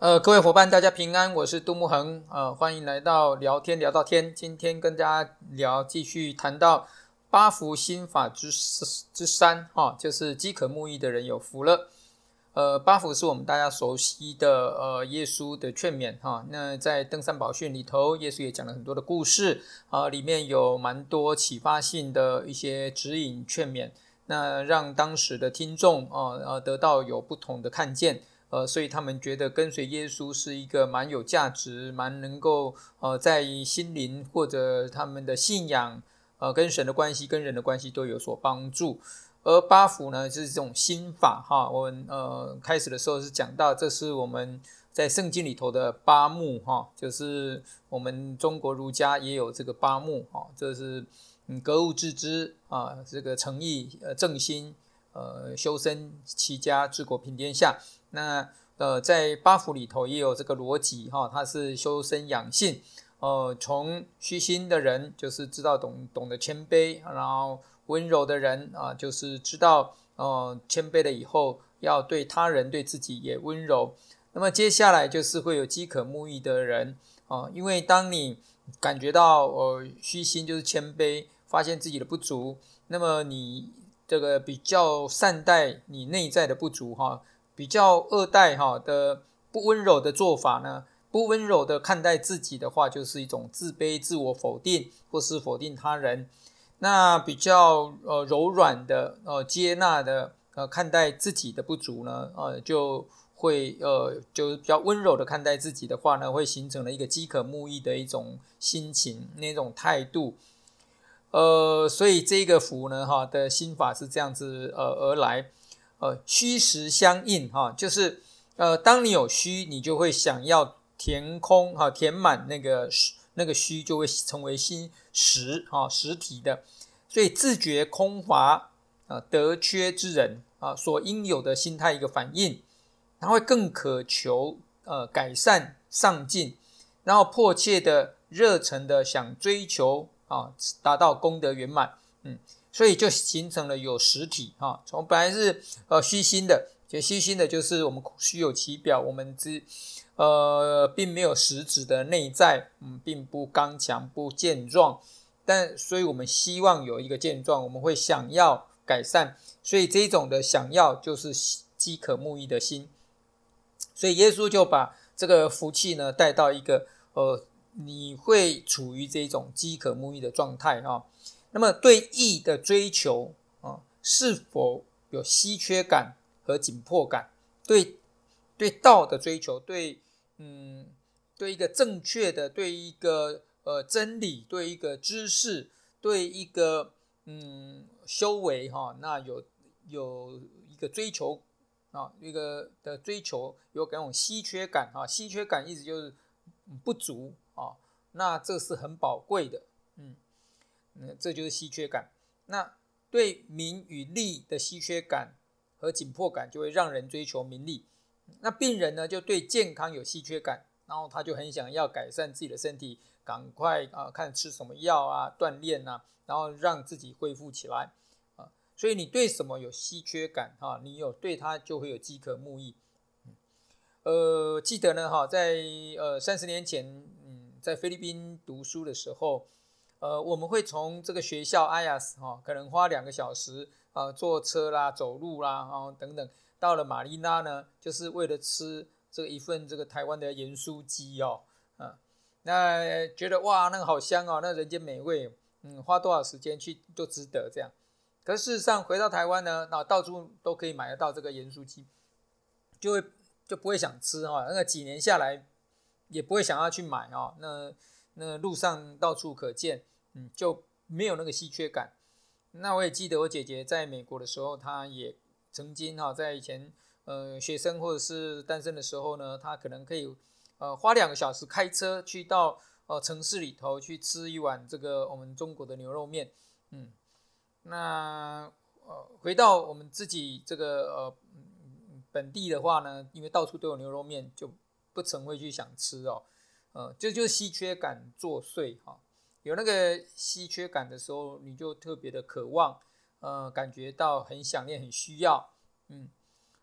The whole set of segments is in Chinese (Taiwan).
呃，各位夥伴，大家平安，我是杜慕恆，呃，歡迎來到聊天聊到天。今天跟大家聊，繼續談到八福心法之之三，哈、哦，就是飢渴慕義的人有福了。呃，八福是我們大家熟悉的，呃，耶穌的勸勉哈、哦。那在登山寶訓裡頭，耶穌也講了很多的故事，啊，裡面有蠻多啟發性的一些指引勸勉，那讓當時的聽眾啊，呃，得到有不同的看見。呃，所以他們覺得跟隨耶穌是一個蠻有價值、蠻能夠呃，在心靈或者他們的信仰呃，跟神的關係、跟人的關係都有所幫助。而八福呢，就是這種心法哈、啊。我們呃開始的時候是講到，這是我們，在聖經裡頭的八目哈、啊，就是我們中國儒家也有這個八目哈、啊，這是格物致知啊，這個誠意呃正心呃修身齊家治國平天下。那呃，在八福裡頭也有這個邏輯哈、哦，它是修身養性。呃，從虛心的人，就是知道懂懂得謙卑，然後溫柔的人啊，就是知道呃謙卑了以後，要對他人對自己也溫柔。那麼接下來就是會有飢渴沐浴的人啊，因為當你感覺到呃虛心就是謙卑，發現自己的不足，那麼你這個比較善待你內在的不足哈。啊比較二代哈的不溫柔的做法呢，不溫柔的看待自己的話，就是一種自卑、自我否定或是否定他人。那比較呃柔軟的呃接納的呃看待自己的不足呢，呃就會呃就比較溫柔的看待自己的話呢，會形成了一個飢渴慕義的一種心情那種態度。呃，所以這個福呢哈的心法是這樣子呃而來。呃，虛實相應哈、啊，就是呃，當你有虛，你就會想要填空哈、啊，填滿那個那個虛，就會成為心實哈、啊，實體的。所以自覺空乏啊，德缺之人啊，所應有的心態一個反應，他會更渴求呃、啊，改善上進，然後迫切的、熱忱的想追求啊，達到功德圓滿，嗯。所以就形成了有實體哈、啊，從本來是呃虛心的，就虛心的就是我們虛有其表，我們只呃並沒有實質的內在，嗯，並不剛強不健壯，但所以我們希望有一個健壯，我們會想要改善，所以這種的想要就是飢渴慕義的心，所以耶穌就把這個福氣呢帶到一個呃，你會處於這種飢渴慕義的狀態啊。那麼對義的追求啊，是否有稀缺感和緊迫感？對對道的追求，對嗯，對一個正確的，對一個呃真理，對一個知識，對一個嗯修為哈、啊，那有有一個追求啊，一個的追求有這種稀缺感啊，稀缺感意思就是不足啊，那這是很寶貴的。嗯、這就是稀缺感。那對名與利的稀缺感和緊迫感，就會讓人追求名利。那病人呢，就對健康有稀缺感，然後他就很想要改善自己的身體，趕快啊，看吃什麼藥啊，鍛鍊吶、啊，然後讓自己恢復起來啊。所以你對什麼有稀缺感哈、啊，你有對它就會有飢渴慕義。呃，記得呢哈，在呃三十年前，嗯，在菲律賓讀書的時候。呃，我們會從這個學校 y a s 哈、哦，可能花兩個小時啊，坐車啦、走路啦啊、哦、等等，到了馬尼拉呢，就是為了吃這一份這個台灣的鹽酥雞哦啊，那覺得哇，那個好香哦，那個、人間美味，嗯，花多少時間去都值得這樣。可是事實上回到台灣呢，那、啊、到處都可以買得到這個鹽酥雞，就會就不會想吃哈、哦，那個、幾年下來也不會想要去買哦，那。那路上到處可見，嗯，就沒有那個稀缺感。那我也記得我姐姐在美國的時候，她也曾經哈，在以前呃學生或者是單身的時候呢，她可能可以呃花兩個小時開車去到呃城市裡頭去吃一碗這個我們中國的牛肉麵，嗯，那呃回到我們自己這個呃本地的話呢，因為到處都有牛肉麵，就不曾會去想吃哦。呃、嗯，這就，就是稀缺感作祟哈，有那個稀缺感的時候，你就特別的渴望，嗯、呃，感覺到很想念、很需要，嗯，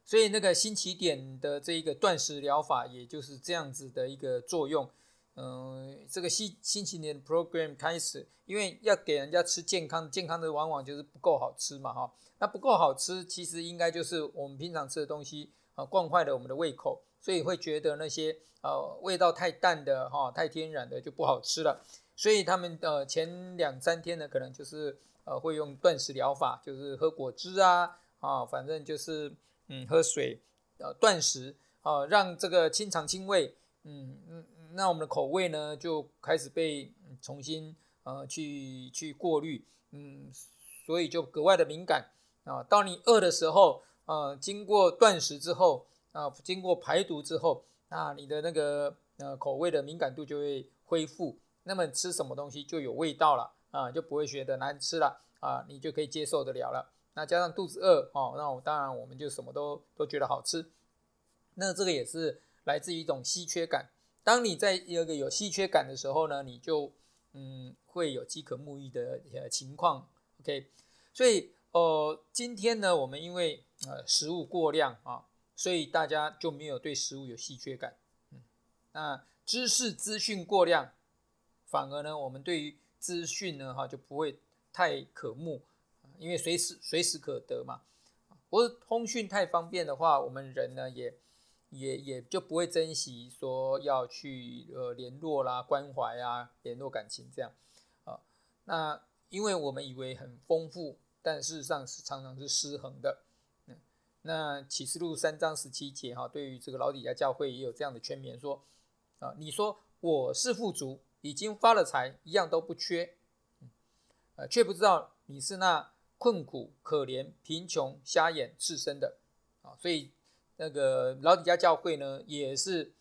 所以那個新起點的這一個斷食療法，也就是這樣子的一個作用，嗯，這個新新起點 program 開始，因為要給人家吃健康，健康的往往就是不夠好吃嘛哈，那不夠好吃，其實應該就是我們平常吃的東西啊，慣壞了我們的胃口。所以會覺得那些呃味道太淡的哈，太天然的就不好吃了。所以他們的、呃、前兩三天呢，可能就是呃會用斷食療法，就是喝果汁啊，啊反正就是嗯喝水，呃、嗯啊、斷食啊，讓這個清腸清胃，嗯嗯，那我們的口味呢就開始被重新呃去去過濾，嗯，所以就格外的敏感啊。當你餓的時候，呃經過斷食之後。啊，經過排毒之後，那你的那個呃口味的敏感度就會恢復，那麼吃什麼東西就有味道了啊，就不會覺得難吃了啊，你就可以接受得了了。那加上肚子餓哦，那我當然我們就什麼都都覺得好吃。那這個也是來自於一種稀缺感。當你在有一個有稀缺感的時候呢，你就嗯會有飢渴慕義的呃情況。OK，所以呃今天呢，我們因為呃食物過量啊。所以大家就沒有對食物有稀缺感，嗯，那知識資訊過量，反而呢，我們對於資訊呢，哈，就不會太渴慕，因為隨時隨時可得嘛。不過通訊太方便的話，我們人呢，也也也就不會珍惜，說要去呃聯絡啦、關懷啊、聯絡感情這樣，啊，那因為我們以為很豐富，但事實上是常常是失衡的。那啟示錄三章十七節哈，對於這個老底嘉教會也有這樣的勸勉說，啊，你說我是富足，已經發了財，一樣都不缺，呃，卻不知道你是那困苦、可憐、貧窮、瞎眼、赤身的啊。所以那個老底嘉教會呢，也是，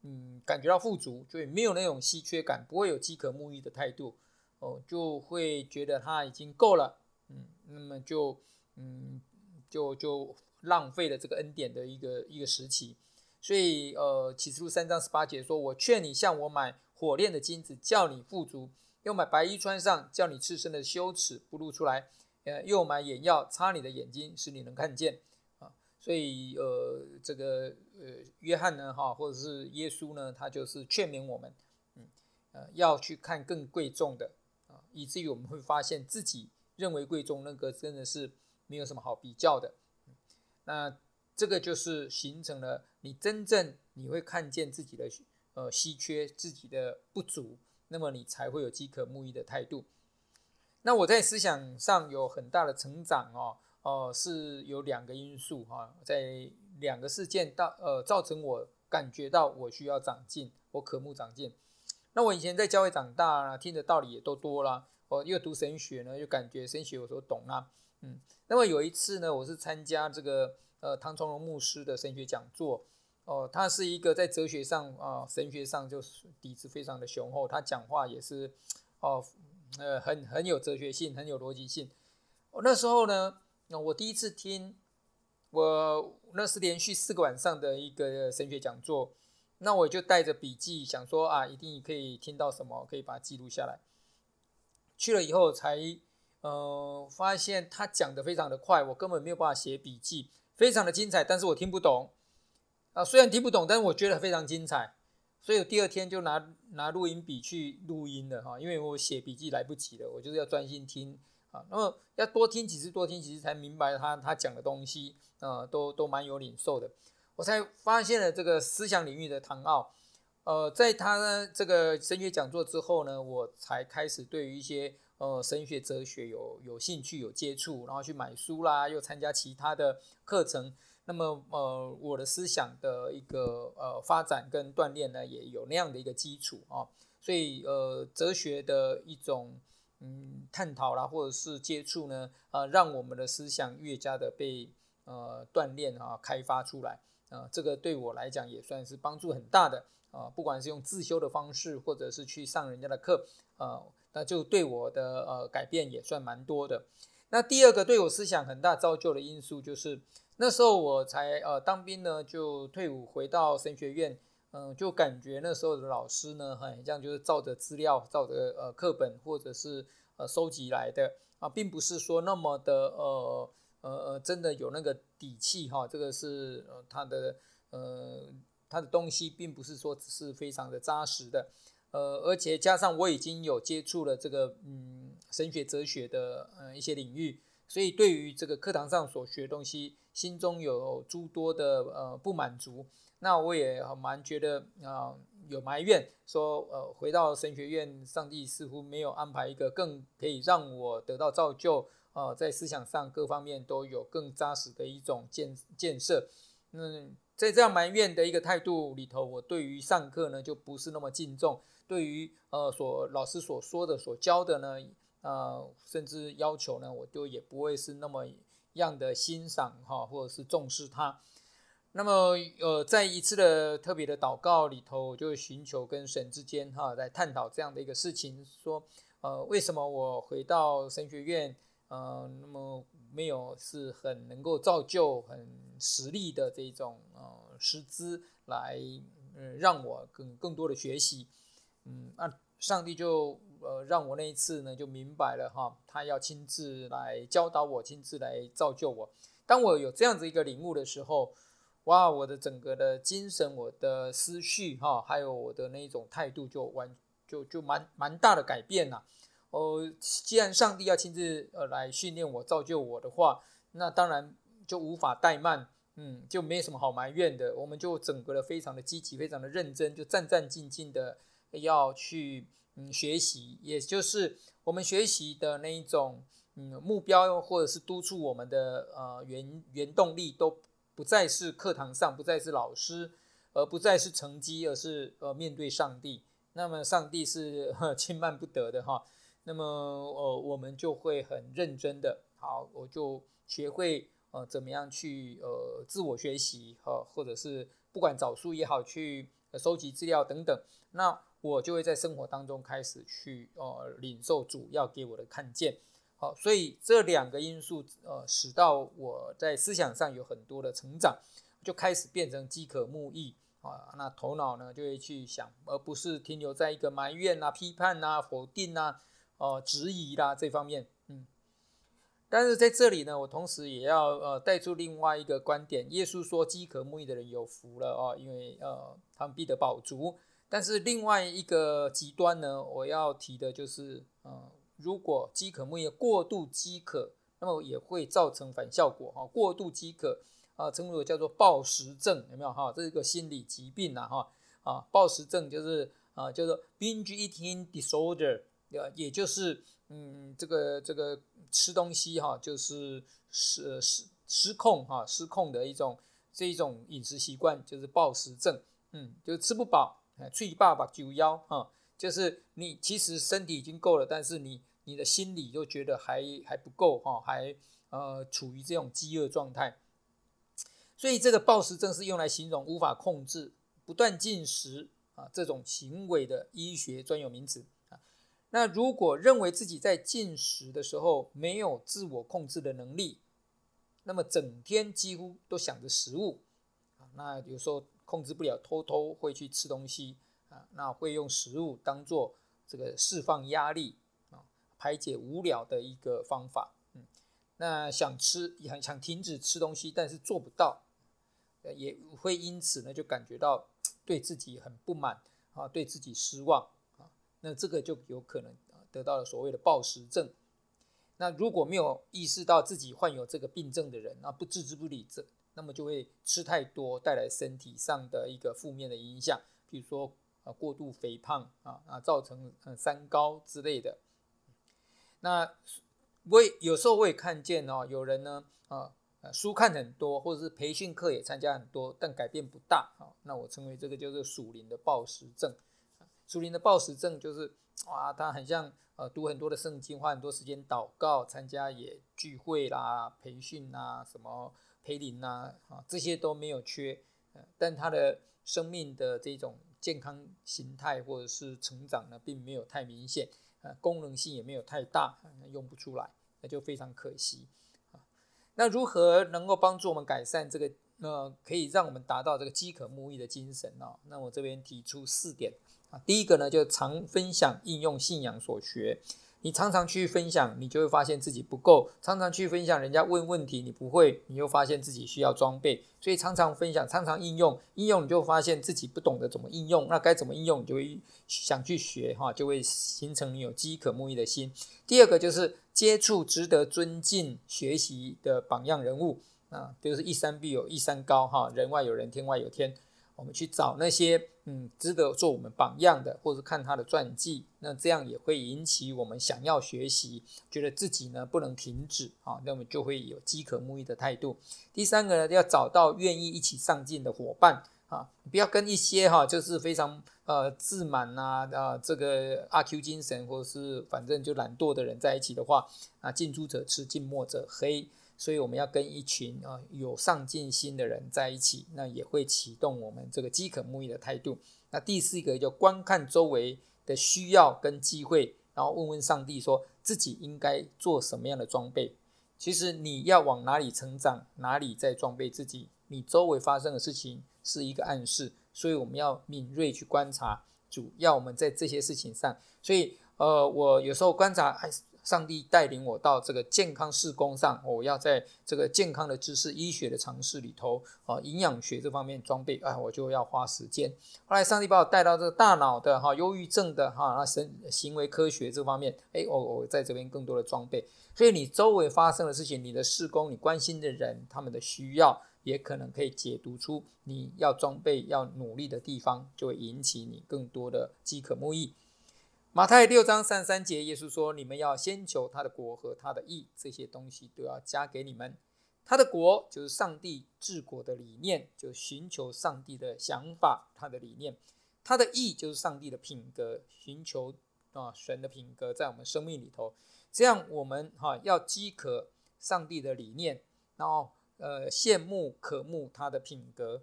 嗯，感覺到富足，就沒有那種稀缺感，不會有飢渴慕義的態度哦，就會覺得他已經夠了，嗯，那麼就，嗯，就就。浪費了這個恩典的一個一個時期，所以呃，啟示錄三章十八節說：“我勸你向我買火煉的金子，叫你富足；又買白衣穿上，叫你赤身的羞恥不露出來；呃，又買眼藥擦你的眼睛，使你能看見。”啊，所以呃，這個呃，約翰呢，哈，或者是耶穌呢，他就是勸勉我們，嗯，呃，要去看更貴重的啊，以至於我們會發現自己認為貴重那個真的是沒有什麼好比較的。那、呃、這個就是形成了，你真正你會看見自己的呃稀缺，自己的不足，那麼你才會有飢渴慕義的態度。那我在思想上有很大的成長哦，哦、呃、是有兩個因素哈、哦，在兩個事件到呃造成我感覺到我需要長進，我渴慕長進。那我以前在教會長大、啊，聽的道理也都多了，我、呃、又讀神學呢，又感覺神學有所懂啊。嗯，那麼有一次呢，我是參加這個呃唐崇榮牧師的神學講座，哦、呃，他是一個在哲學上啊、呃、神學上就是底子非常的雄厚，他講話也是，哦，呃，很很有哲學性，很有邏輯性，呃。那時候呢，那、呃、我第一次聽我，我那是連續四個晚上的一個神學講座，那我就帶着筆記，想說啊，一定可以聽到什麼，可以把它記錄下來。去了以後才。呃，發現他講得非常的快，我根本沒有辦法寫筆記，非常的精彩，但是我聽不懂。啊、呃，雖然聽不懂，但是我覺得非常精彩，所以我第二天就拿拿錄音筆去錄音了哈，因為我寫筆記來不及了，我就是要專心聽啊。那麼要多聽幾次，多聽幾次才明白他他講的東西啊、呃，都都蠻有領受的。我才發現了這個思想領域的唐傲，呃，在他呢這個神學講座之後呢，我才開始對於一些。呃，神學哲學有有興趣有接觸，然後去買書啦，又參加其他的課程。那麼，呃，我的思想的一個呃發展跟鍛鍊呢，也有那樣的一個基礎啊。所以，呃，哲學的一種嗯探討啦，或者是接觸呢，啊、呃，讓我們的思想越加的被呃鍛鍊啊，開發出來啊、呃。這個對我來講也算是幫助很大的啊、呃。不管是用自修的方式，或者是去上人家的課啊。呃那就對我的呃改變也算蠻多的。那第二個對我思想很大造就的因素，就是那時候我才呃當兵呢，就退伍回到神學院，嗯、呃，就感覺那時候的老師呢，很像就是照着資料、照着呃課本或者是呃收集來的啊，並不是說那麼的呃呃真的有那個底氣哈、哦。這個是他、呃、的呃他的東西，並不是說只是非常的扎實的。呃，而且加上我已經有接觸了這個嗯神學哲學的呃一些領域，所以對於這個課堂上所學的東西，心中有諸多的呃不滿足，那我也蠻覺得啊、呃、有埋怨，說呃回到神學院，上帝似乎沒有安排一個更可以讓我得到造就，呃，在思想上各方面都有更扎實的一種建建設。嗯，在這樣埋怨的一個態度裡頭，我對於上課呢就不是那麼敬重。對於呃所老師所說的、所教的呢，呃，甚至要求呢，我就也不會是那麼樣的欣賞哈，或者是重視它。那麼呃，在一次的特別的禱告裡頭，我就尋求跟神之間哈、啊，來探討這樣的一個事情，說呃，為什麼我回到神學院，呃，那麼沒有是很能夠造就、很實力的這種呃師資來，嗯，讓我更更多的學習。嗯，那、啊、上帝就呃讓我那一次呢就明白了哈，他要親自來教導我，親自來造就我。當我有這樣子一個領悟的時候，哇，我的整個的精神，我的思緒哈，還有我的那一種態度就完就就蠻蠻大的改變了、啊。哦，既然上帝要親自呃來訓練我造就我的話，那當然就無法怠慢，嗯，就沒什麼好埋怨的。我們就整個的非常的積極，非常的認真，就戰戰兢兢的。要去嗯，學習，也就是我們學習的那一種嗯，目標，或者是督促我們的呃原原動力都不再是課堂上，不再是老師，而不再是成績，而是呃面對上帝。那麼上帝是輕慢不得的哈。那麼呃我們就會很認真的，好，我就學會呃怎麼樣去呃自我學習哈，或者是不管早書也好去。收集資料等等，那我就會在生活當中開始去呃領受主要給我的看見，好、哦，所以這兩個因素呃使到我在思想上有很多的成長，就開始變成飢渴慕義啊，那頭腦呢就會去想，而不是停留在一個埋怨、啊、批判、啊、否定哦、啊、呃、質疑啦、啊、這方面，嗯。但是在這裡呢，我同時也要呃帶出另外一個觀點。耶穌說飢渴慕義的人有福了啊、哦，因為呃他們必得飽足。但是另外一個極端呢，我要提的就是，嗯、呃，如果飢渴慕義過度飢渴，那麼也會造成反效果哈、哦，過度飢渴啊，稱為叫做暴食症，有沒有哈、哦？這是一個心理疾病吶哈啊。暴食症就是啊叫做、就是、binge eating disorder，對吧？也就是。嗯，這個這個吃東西哈、啊，就是失失失控哈、啊，失控的一種這一種飲食習慣，就是暴食症。嗯，就是吃不飽，吹爸爸九幺啊，就是你其實身體已經夠了，但是你你的心理就覺得還還不夠哈、啊，還呃處於這種飢餓狀態。所以，這個暴食症是用來形容無法控制、不斷進食啊這種行為的醫學專有名詞。那如果認為自己在進食的時候沒有自我控制的能力，那麼整天幾乎都想着食物，啊，那有時候控制不了，偷偷會去吃東西，啊，那會用食物當做這個釋放壓力啊、排解無聊的一個方法，嗯，那想吃、也很想停止吃東西，但是做不到，呃，也會因此呢就感覺到對自己很不滿啊，對自己失望。那這個就有可能得到了所謂的暴食症。那如果沒有意識到自己患有這個病症的人，啊，不置之不理之，這，那麼就會吃太多，帶來身體上的一個負面的影響，比如說啊過度肥胖啊啊，造成嗯三高之類的。那我有時候我也看見哦，有人呢啊啊書看很多，或者是培訓課也參加很多，但改變不大啊。那我稱為這個就是屬靈的暴食症。屬靈的暴食症就是，啊，他很像呃讀很多的聖經，花很多時間禱告，參加也聚會啦、培訓啦、什麼培靈啦、啊，啊，這些都沒有缺，呃、但他的生命的這種健康形態或者是成長呢，並沒有太明顯，呃，功能性也沒有太大，呃、用不出來，那就非常可惜啊。那如何能夠幫助我們改善這個？呃，可以讓我們達到這個飢渴慕義的精神呢、哦？那我這邊提出四點。啊、第一個呢，就是常分享應用信仰所學，你常常去分享，你就會發現自己不夠；常常去分享，人家問問題你不會，你就發現自己需要裝備。所以常常分享，常常應用，應用你就發現自己不懂得怎麼應用，那該怎麼應用，你就會想去學，哈、啊，就會形成你有飢渴慕義的心。第二個就是接觸值得尊敬學習的榜樣人物，啊，就是一山必有一山高，哈、啊，人外有人，天外有天，我們去找那些。嗯，值得做我們榜樣的，或者是看他的傳記，那這樣也會引起我們想要學習，覺得自己呢不能停止啊，那麼就會有飢渴慕義的態度。第三個呢，要找到願意一起上進的伙伴啊，不要跟一些哈、啊，就是非常呃自滿啊啊這個阿 Q 精神，或者是反正就懶惰的人在一起的話，啊近朱者赤，近墨者黑。所以我們要跟一群啊、呃、有上進心的人在一起，那也會啟動我們這個飢渴慕義的態度。那第四個就觀看周圍的需要跟機會，然後問問上帝，說自己應該做什麼樣的裝備。其實你要往哪裡成長，哪裡在裝備自己。你周圍發生的事情是一個暗示，所以我們要敏銳去觀察。主要我們在這些事情上，所以呃，我有時候觀察、哎上帝帶領我到這個健康事工上，我要在這個健康的知識、醫學的常識裡頭，啊，營養學這方面裝備，哎，我就要花時間。後來上帝把我帶到這個大腦的哈、啊、憂鬱症的哈、那、啊、神行為科學這方面，哎，我我在這邊更多的裝備。所以你周圍發生的事情、你的事工、你關心的人、他們的需要，也可能可以解讀出你要裝備、要努力的地方，就會引起你更多的飢渴慕義。馬太六章三三節，耶穌說：“你們要先求他的國和他的義，這些東西都要加給你們。他的國就是上帝治國的理念，就尋求上帝的想法。他的理念，他的義就是上帝的品格，尋求啊神的品格在我們生命裡頭。這樣，我們哈要飢渴上帝的理念，然後呃羨慕渴慕他的品格。”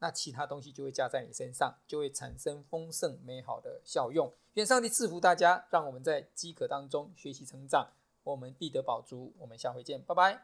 那其他東西就會加在你身上，就會產生豐盛美好的效用。願上帝賜福大家，讓我們在飢渴當中學習成長，我們必得飽足。我們下回見，拜拜。